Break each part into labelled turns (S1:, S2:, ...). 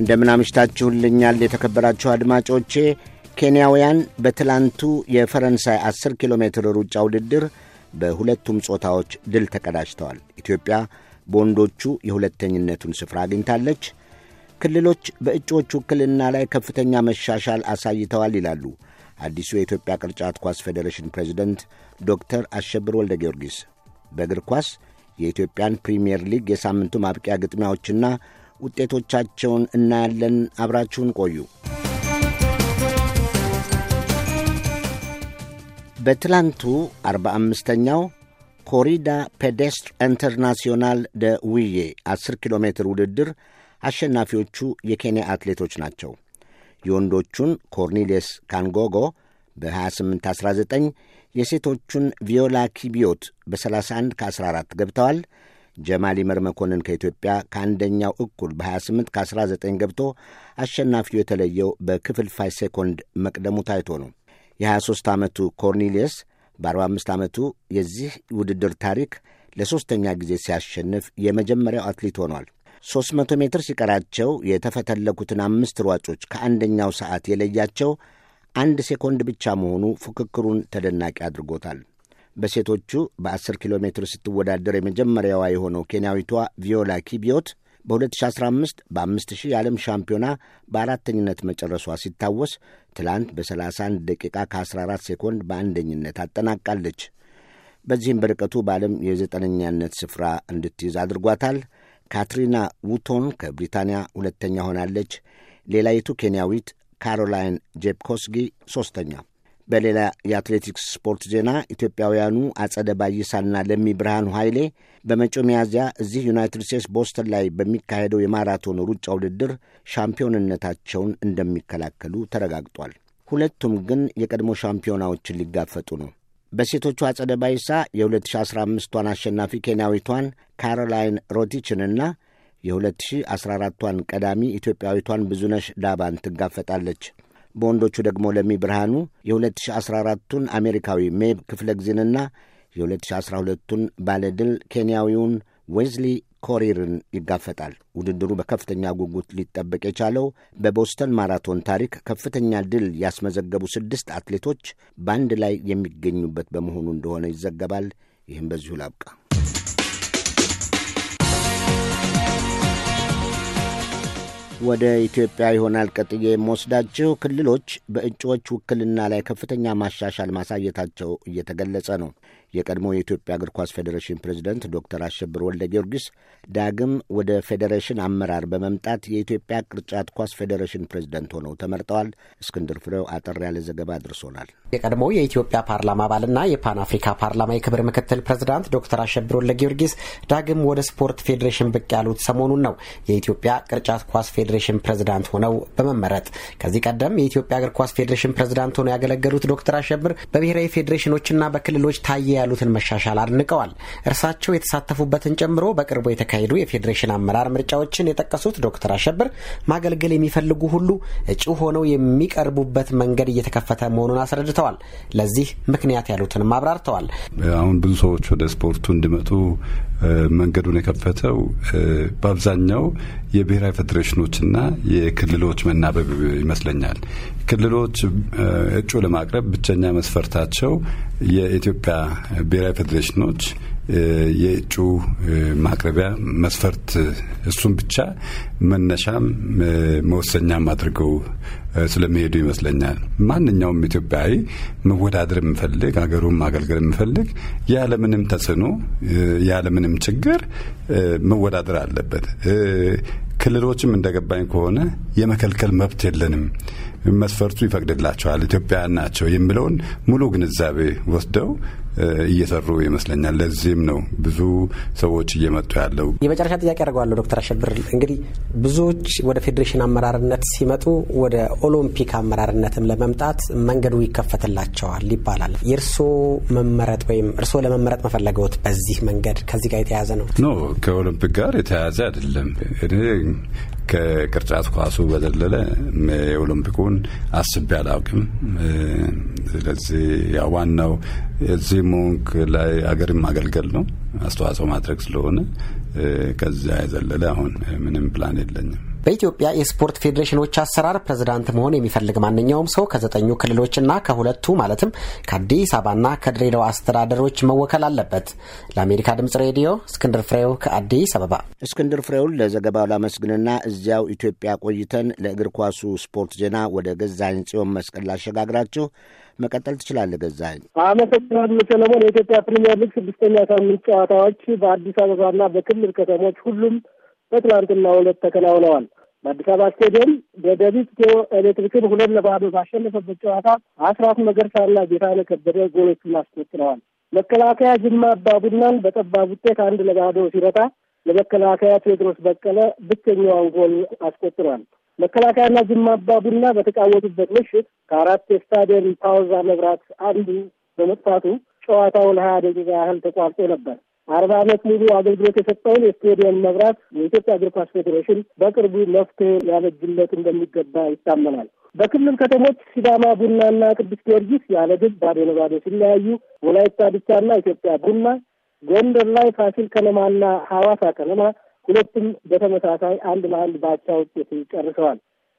S1: እንደምን አምሽታችሁልኛል የተከበራችሁ አድማጮቼ። ኬንያውያን በትላንቱ የፈረንሳይ 10 ኪሎ ሜትር ሩጫ ውድድር በሁለቱም ጾታዎች ድል ተቀዳጅተዋል። ኢትዮጵያ በወንዶቹ የሁለተኝነቱን ስፍራ አግኝታለች። ክልሎች በእጩዎቹ ውክልና ላይ ከፍተኛ መሻሻል አሳይተዋል ይላሉ አዲሱ የኢትዮጵያ ቅርጫት ኳስ ፌዴሬሽን ፕሬዚደንት ዶክተር አሸብር ወልደ ጊዮርጊስ። በእግር ኳስ የኢትዮጵያን ፕሪምየር ሊግ የሳምንቱ ማብቂያ ግጥሚያዎችና ውጤቶቻቸውን እናያለን። አብራችሁን ቆዩ። በትላንቱ 45ኛው ኮሪዳ ፔዴስትር ኢንተርናሲዮናል ደ ውዬ 10 ኪሎ ሜትር ውድድር አሸናፊዎቹ የኬንያ አትሌቶች ናቸው። የወንዶቹን ኮርኔሌስ ካንጎጎ በ2819 የሴቶቹን ቪዮላ ኪቢዮት በ31 ከ14 ገብተዋል። ጀማል ይመር መኮንን ከኢትዮጵያ ከአንደኛው እኩል በ28 ከ19 ገብቶ አሸናፊው የተለየው ፋይ ሴኮንድ መቅደሙ ታይቶ ነው። የ23 ዓመቱ ኮርኒሊየስ በ45 ዓመቱ የዚህ ውድድር ታሪክ ለሦስተኛ ጊዜ ሲያሸንፍ የመጀመሪያው አትሌት ሆኗል። 300 ሜትር ሲቀራቸው የተፈተለኩትን አምስት ሯጮች ከአንደኛው ሰዓት የለያቸው አንድ ሴኮንድ ብቻ መሆኑ ፉክክሩን ተደናቂ አድርጎታል። በሴቶቹ በ10 ኪሎ ሜትር ስትወዳደር የመጀመሪያዋ የሆነው ኬንያዊቷ ቪዮላ ኪቢዮት በ2015 በ5000 የዓለም ሻምፒዮና በአራተኝነት መጨረሷ ሲታወስ ትላንት በ31 ደቂቃ ከ14 ሴኮንድ በአንደኝነት አጠናቃለች። በዚህም በርቀቱ በዓለም የዘጠነኛነት ስፍራ እንድትይዝ አድርጓታል። ካትሪና ውቶን ከብሪታንያ ሁለተኛ ሆናለች። ሌላዪቱ ኬንያዊት ካሮላይን ጄፕኮስጊ ሦስተኛ። በሌላ የአትሌቲክስ ስፖርት ዜና ኢትዮጵያውያኑ አጸደ ባይሳና ለሚ ብርሃኑ ኃይሌ በመጪው ሚያዝያ እዚህ ዩናይትድ ስቴትስ ቦስተን ላይ በሚካሄደው የማራቶን ሩጫ ውድድር ሻምፒዮንነታቸውን እንደሚከላከሉ ተረጋግጧል። ሁለቱም ግን የቀድሞ ሻምፒዮናዎችን ሊጋፈጡ ነው። በሴቶቹ አጸደ ባይሳ የ2015ቷን አሸናፊ ኬንያዊቷን ካሮላይን ሮቲችንና የ2014ቷን ቀዳሚ ኢትዮጵያዊቷን ብዙነሽ ዳባን ትጋፈጣለች። በወንዶቹ ደግሞ ለሚ ብርሃኑ የ2014ቱን አሜሪካዊ ሜብ ክፍለ ጊዜንና የ2012ቱን ባለድል ኬንያዊውን ዌዝሊ ኮሪርን ይጋፈጣል። ውድድሩ በከፍተኛ ጉጉት ሊጠበቅ የቻለው በቦስተን ማራቶን ታሪክ ከፍተኛ ድል ያስመዘገቡ ስድስት አትሌቶች በአንድ ላይ የሚገኙበት በመሆኑ እንደሆነ ይዘገባል። ይህም በዚሁ ላብቃ። ወደ ኢትዮጵያ ይሆናል ቀጥዬ የምወስዳቸው ክልሎች በእጩዎች ውክልና ላይ ከፍተኛ ማሻሻል ማሳየታቸው እየተገለጸ ነው። የቀድሞ የኢትዮጵያ እግር ኳስ ፌዴሬሽን ፕሬዚደንት ዶክተር አሸብር ወልደ ጊዮርጊስ ዳግም ወደ ፌዴሬሽን አመራር በመምጣት የኢትዮጵያ ቅርጫት ኳስ ፌዴሬሽን ፕሬዚደንት ሆነው ተመርጠዋል። እስክንድር ፍሬው አጠር ያለ ዘገባ አድርሶናል። የቀድሞ
S2: የኢትዮጵያ ፓርላማ አባልና የፓን አፍሪካ ፓርላማ የክብር ምክትል ፕሬዚዳንት ዶክተር አሸብር ወልደ ጊዮርጊስ ዳግም ወደ ስፖርት ፌዴሬሽን ብቅ ያሉት ሰሞኑን ነው። የኢትዮጵያ ቅርጫት ኳስ ፌዴሬሽን ፕሬዚዳንት ሆነው በመመረጥ ከዚህ ቀደም የኢትዮጵያ እግር ኳስ ፌዴሬሽን ፕሬዚዳንት ሆነው ያገለገሉት ዶክተር አሸብር በብሔራዊ ፌዴሬሽኖችና በክልሎች ታየ ያሉትን መሻሻል አድንቀዋል። እርሳቸው የተሳተፉበትን ጨምሮ በቅርቡ የተካሄዱ የፌዴሬሽን አመራር ምርጫዎችን የጠቀሱት ዶክተር አሸብር ማገልገል የሚፈልጉ ሁሉ እጩ ሆነው የሚቀርቡበት መንገድ እየተከፈተ መሆኑን አስረድተዋል። ለዚህ ምክንያት ያሉትንም አብራርተዋል።
S3: አሁን ብዙ ሰዎች ወደ ስፖርቱ እንዲመጡ መንገዱን የከፈተው በአብዛኛው የብሔራዊ ፌዴሬሽኖችና የክልሎች መናበብ ይመስለኛል። ክልሎች እጩ ለማቅረብ ብቸኛ መስፈርታቸው የኢትዮጵያ ብሔራዊ ፌዴሬሽኖች የእጩ ማቅረቢያ መስፈርት እሱም ብቻ መነሻም መወሰኛም አድርገው ስለሚሄዱ ይመስለኛል። ማንኛውም ኢትዮጵያዊ መወዳደር የምፈልግ ሀገሩን ማገልገል የምፈልግ ያለምንም ተጽዕኖ ያለምንም ችግር መወዳደር አለበት። ክልሎችም እንደገባኝ ከሆነ የመከልከል መብት የለንም፣ መስፈርቱ ይፈቅድላቸዋል፣ ኢትዮጵያውያን ናቸው የሚለውን ሙሉ ግንዛቤ ወስደው እየሰሩ ይመስለኛል። ለዚህም ነው ብዙ ሰዎች እየመጡ ያለው።
S2: የመጨረሻ ጥያቄ አድርገዋለሁ ዶክተር አሸብር እንግዲህ ብዙዎች ወደ ፌዴሬሽን አመራርነት ሲመጡ ወደ ኦሎምፒክ አመራርነትም ለመምጣት መንገዱ ይከፈትላቸዋል ይባላል። የእርስዎ መመረጥ ወይም እርስዎ ለመመረጥ መፈለገውት በዚህ መንገድ ከዚህ ጋር የተያያዘ
S3: ነው? ኖ ከኦሎምፒክ ጋር የተያያዘ አይደለም። ከቅርጫት ኳሱ በዘለለ የኦሎምፒኩን አስቤ አላውቅም። ስለዚህ ያ ዋናው እዚህ ሞንክ ላይ አገርም ማገልገል ነው አስተዋጽኦ ማድረግ ስለሆነ ከዚያ የዘለለ አሁን ምንም ፕላን የለኝም። በኢትዮጵያ የስፖርት
S2: ፌዴሬሽኖች አሰራር ፕሬዝዳንት መሆን የሚፈልግ ማንኛውም ሰው ከዘጠኙ ክልሎችና ከሁለቱ ማለትም ከአዲስ አበባና ከድሬዳዋ አስተዳደሮች መወከል አለበት። ለአሜሪካ ድምጽ ሬዲዮ እስክንድር ፍሬው ከአዲስ አበባ።
S1: እስክንድር ፍሬውን ለዘገባው ላመስግንና እዚያው ኢትዮጵያ ቆይተን ለእግር ኳሱ ስፖርት ዜና ወደ ገዛኝ ጽዮን መስቀል ላሸጋግራችሁ። መቀጠል ትችላለህ ገዛኝ።
S4: አመሰግናለሁ ሰለሞን። የኢትዮጵያ ፕሪምየር ሊግ ስድስተኛ ሳምንት ጨዋታዎች በአዲስ አበባና በክልል ከተሞች ሁሉም በትላንትና ሁለት ተከናውነዋል። በአዲስ አበባ ስቴዲየም በደቢት ኢትዮ ኤሌክትሪክን ሁለት ለባዶ ባሸነፈበት ጨዋታ አስራት መገርሳና ጌታነህ ከበደ ጎሎቹን አስቆጥረዋል። መከላከያ ጅማ አባ ቡናን በጠባብ ውጤት አንድ ለባዶ ሲረታ ለመከላከያ ቴዎድሮስ በቀለ ብቸኛዋን ጎል አስቆጥሯል። መከላከያና ጅማ አባ ቡና በተጫወቱበት ምሽት ከአራት የስታዲየም ፓውዛ መብራት አንዱ በመጥፋቱ ጨዋታውን ሀያ ደቂቃ ያህል ተቋርጦ ነበር። አርባ ዓመት ሙሉ አገልግሎት የሰጠውን የስቴዲየም መብራት የኢትዮጵያ እግር ኳስ ፌዴሬሽን በቅርቡ መፍትሄ ሊያበጅለት እንደሚገባ ይታመናል። በክልል ከተሞች ሲዳማ ቡናና ቅዱስ ጊዮርጊስ ያለ ግብ ባዶ ለባዶ ሲለያዩ፣ ወላይታ ድቻና ኢትዮጵያ ቡና፣ ጎንደር ላይ ፋሲል ከነማና ሐዋሳ ከነማ ሁለቱም በተመሳሳይ አንድ ለአንድ በአቻ ውጤት ጨርሰዋል።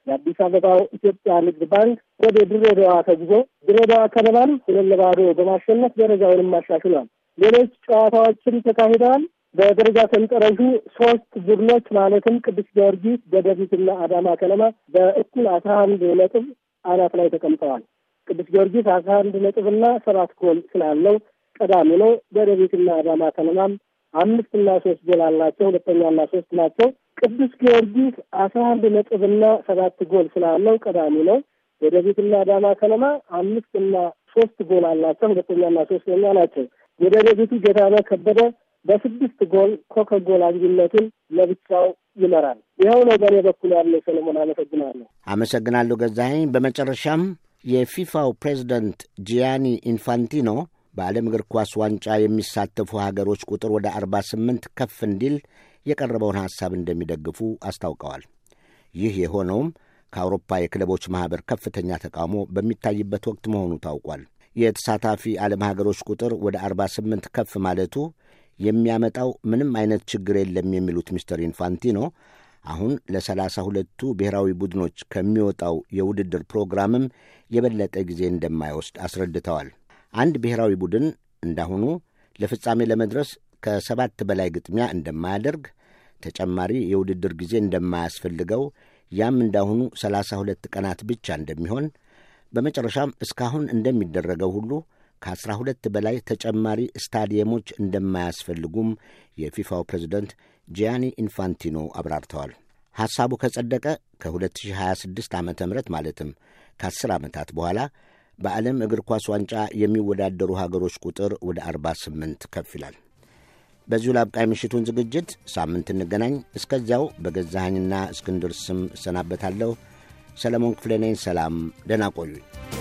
S4: የአዲስ አበባው ኢትዮጵያ ንግድ ባንክ ወደ ድሬዳዋ ተጉዞ ድሬዳዋ ከነማን ሁለት ለባዶ በማሸነፍ ደረጃውንም አሻሽሏል። ሌሎች ጨዋታዎችም ተካሂደዋል። በደረጃ ሰንጠረዡ ሶስት ቡድኖች ማለትም ቅዱስ ጊዮርጊስ፣ ደደቢትና አዳማ ከነማ በእኩል አስራ አንድ ነጥብ አናት ላይ ተቀምጠዋል። ቅዱስ ጊዮርጊስ አስራ አንድ ነጥብና ሰባት ጎል ስላለው ቀዳሚ ነው። ደደቢትና አዳማ ከነማም አምስትና ሶስት ጎል አላቸው። ሁለተኛና ሶስት ናቸው። ቅዱስ ጊዮርጊስ አስራ አንድ ነጥብና ሰባት ጎል ስላለው ቀዳሚ ነው። ደደቢትና አዳማ ከነማ አምስትና ሶስት ጎል አላቸው። ሁለተኛና ሶስተኛ ናቸው። የደረጅቱ ደፊቱ ከበደ በስድስት ጎል ኮከብ ጎል አንጂነትን ለብቻው ይመራል። ይኸው ነው በእኔ በኩል ያለ ሰለሞን አመሰግናለሁ።
S1: አመሰግናለሁ ገዛኸኝ። በመጨረሻም የፊፋው ፕሬዚደንት ጂያኒ ኢንፋንቲኖ በዓለም እግር ኳስ ዋንጫ የሚሳተፉ ሀገሮች ቁጥር ወደ አርባ ስምንት ከፍ እንዲል የቀረበውን ሐሳብ እንደሚደግፉ አስታውቀዋል። ይህ የሆነውም ከአውሮፓ የክለቦች ማኅበር ከፍተኛ ተቃውሞ በሚታይበት ወቅት መሆኑ ታውቋል። የተሳታፊ ዓለም ሀገሮች ቁጥር ወደ 48 ከፍ ማለቱ የሚያመጣው ምንም አይነት ችግር የለም የሚሉት ሚስተር ኢንፋንቲኖ አሁን ለሰላሳ ሁለቱ ብሔራዊ ቡድኖች ከሚወጣው የውድድር ፕሮግራምም የበለጠ ጊዜ እንደማይወስድ አስረድተዋል። አንድ ብሔራዊ ቡድን እንዳሁኑ ለፍጻሜ ለመድረስ ከሰባት በላይ ግጥሚያ እንደማያደርግ፣ ተጨማሪ የውድድር ጊዜ እንደማያስፈልገው፣ ያም እንዳሁኑ ሰላሳ ሁለት ቀናት ብቻ እንደሚሆን በመጨረሻም እስካሁን እንደሚደረገው ሁሉ ከአስራ ሁለት በላይ ተጨማሪ ስታዲየሞች እንደማያስፈልጉም የፊፋው ፕሬዚደንት ጂያኒ ኢንፋንቲኖ አብራርተዋል። ሐሳቡ ከጸደቀ ከ2026 ዓ ም ማለትም ከ10 ዓመታት በኋላ በዓለም እግር ኳስ ዋንጫ የሚወዳደሩ ሀገሮች ቁጥር ወደ 48 ከፍ ይላል። በዚሁ ላብቃ የምሽቱን ዝግጅት። ሳምንት እንገናኝ። እስከዚያው በገዛኸኝና እስክንድር ስም እሰናበታለሁ። ሰለሞን ክፍሌ ነኝ። ሰላም፣ ደህና ቆዩኝ።